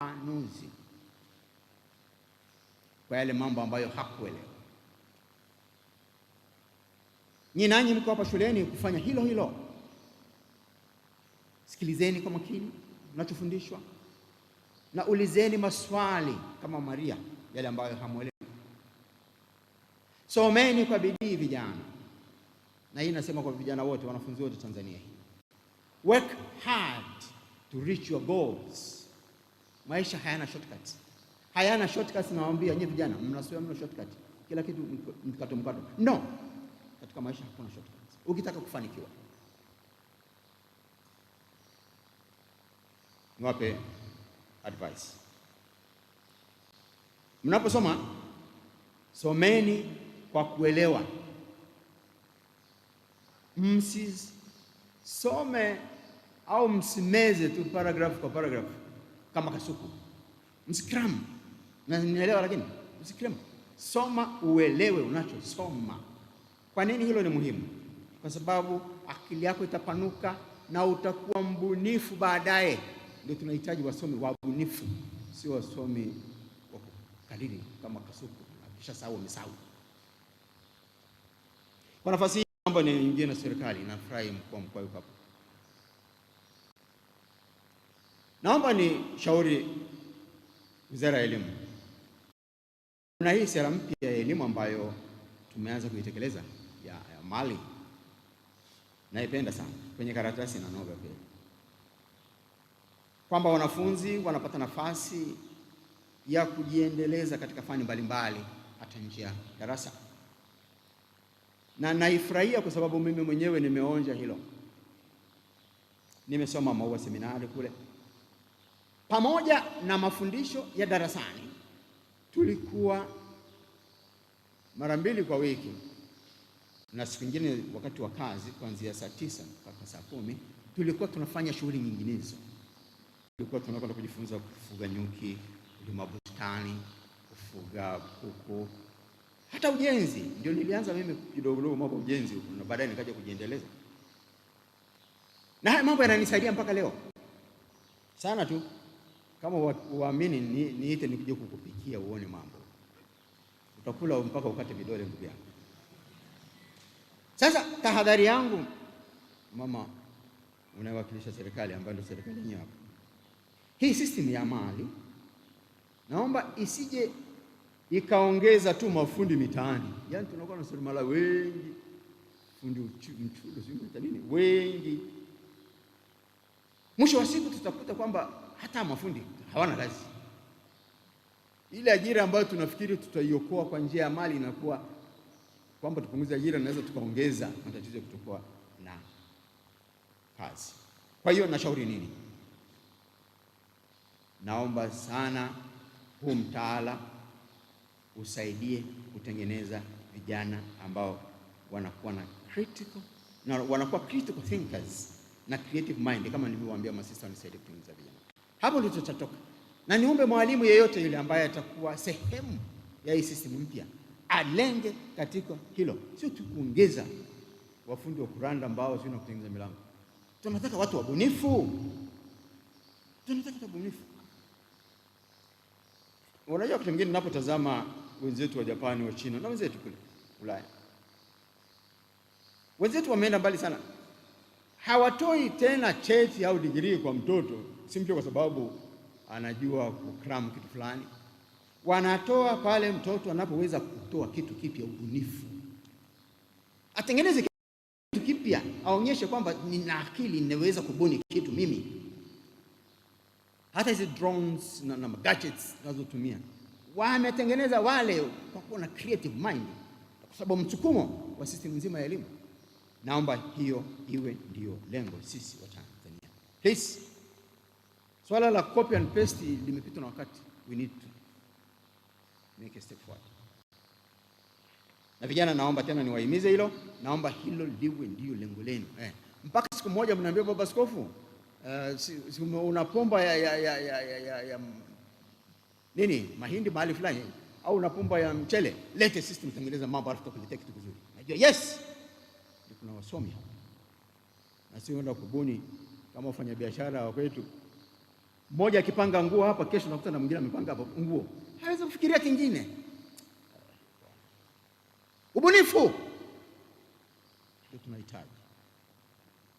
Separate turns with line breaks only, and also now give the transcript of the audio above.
anuzi kwa yale mambo ambayo hakuelewa. Nyinyi nanyi mko hapa shuleni kufanya hilo hilo. Sikilizeni kwa makini mnachofundishwa na ulizeni maswali kama Maria yale ambayo hamwelewi. Someni kwa bidii vijana, na hii nasema kwa vijana wote, wanafunzi wote Tanzania hii. Work hard to reach your goals. Maisha hayana shortcut, hayana shortcut. Nawaambia nyinyi vijana, mnasema mna shortcut, kila kitu mkato mkato. No, katika maisha hakuna shortcut ukitaka kufanikiwa. Niwape advice, mnaposoma someni kwa kuelewa, msisome au msimeze tu paragraph kwa paragraph kama kasuku. Msikramu, nielewa lakini msikramu. Soma uelewe unachosoma. Kwa nini hilo ni muhimu? Kwa sababu akili yako itapanuka na utakuwa mbunifu baadaye. Ndio tunahitaji wasomi wabunifu, sio wasomi wa kukariri kama kasuku kisha sahau umesahau. Kwa nafasi hii, mambo ni nyingine na serikali, nafurahi mkoa mkoa yuko hapo. Naomba ni shauri Wizara ya Elimu. Kuna hii sera mpya ya elimu ambayo tumeanza kuitekeleza ya, ya mali naipenda sana kwenye karatasi na noga pia, kwamba wanafunzi wanapata nafasi ya kujiendeleza katika fani mbalimbali hata nje ya darasa, na naifurahia kwa sababu mimi mwenyewe nimeonja hilo. Nimesoma Maua Seminari kule pamoja na mafundisho ya darasani. Tulikuwa mara mbili kwa wiki na siku nyingine wakati wa kazi kuanzia saa tisa mpaka saa kumi tulikuwa tunafanya shughuli nyinginezo. Tulikuwa tunakwenda kujifunza kufuga nyuki, kulima bustani, kufuga kuku, hata ujenzi. Ndio nilianza mimi kidogodogo mambo ujenzi huko, na baadaye nikaja kujiendeleza, na haya mambo yananisaidia mpaka leo sana tu. Kama uamini niite ni nikuje kukupikia uone mambo, utakula mpaka ukate vidole, ndugu yangu. Sasa tahadhari yangu, mama unayewakilisha serikali, ambayo ndio serikali yenyewe hapa, hii system ya mali naomba isije ikaongeza tu mafundi mitaani. yani tunakuwa na seremala wengi, fundi mchudo sijui nini wengi, mwisho wa siku tutakuta kwamba hata mafundi hawana kazi. Ile ajira ambayo tunafikiri tutaiokoa kwa njia ya mali, inakuwa kwamba tupunguze ajira, naweza tukaongeza matatizo ya kutokuwa na kazi. Kwa hiyo nashauri nini? Naomba sana huu mtaala usaidie kutengeneza vijana ambao wanakuwa na critical na wanakuwa critical thinkers na creative mind, kama nilivyowaambia masista wanisaidie kutengeneza vijana hapo ndio tutatoka na niombe mwalimu yeyote yule ambaye atakuwa sehemu ya hii system mpya alenge katika hilo, sio tu kuongeza wafundi wa kuranda mbao, sio na kutengeneza milango. Tunataka watu wabunifu, tunataka watu wabunifu. Unajua, kitu kingine ninapotazama wenzetu wa Japani, wa China na wenzetu kule Ulaya, wenzetu wameenda mbali sana hawatoi tena cheti au digirii kwa mtoto simcho kwa sababu anajua kukram kitu fulani. Wanatoa pale mtoto anapoweza kutoa kitu kipya, ubunifu, atengeneze kitu kipya, aonyeshe kwamba nina akili, ninaweza kubuni kitu mimi. Hata hizi drones na, na gadgets tunazotumia wametengeneza wale kwa kuwa na creative mind, kwa sababu msukumo wa system nzima ya elimu Naomba hiyo iwe ndio lengo sisi wa Tanzania. Please. Swala la copy and paste limepitwa na wakati. We need to make a step forward. Na vijana, naomba tena niwahimize hilo, naomba hilo liwe ndio lengo lenu eh. Mpaka siku moja mnaambia baba askofu, uh, si, si una pomba ya, ya, ya, ya, ya, ya nini mahindi mahali fulani au una pomba ya mchele, lete sisi tutengeneze mambo alafu tukuletea kitu kizuri. Najua yes tuna wasomi na sio kwenda kubuni kama wafanyabiashara wa kwetu. Mmoja akipanga nguo hapa, kesho nakuta na mwingine amepanga hapa nguo, hawezi kufikiria kingine. Ubunifu ndio tunahitaji.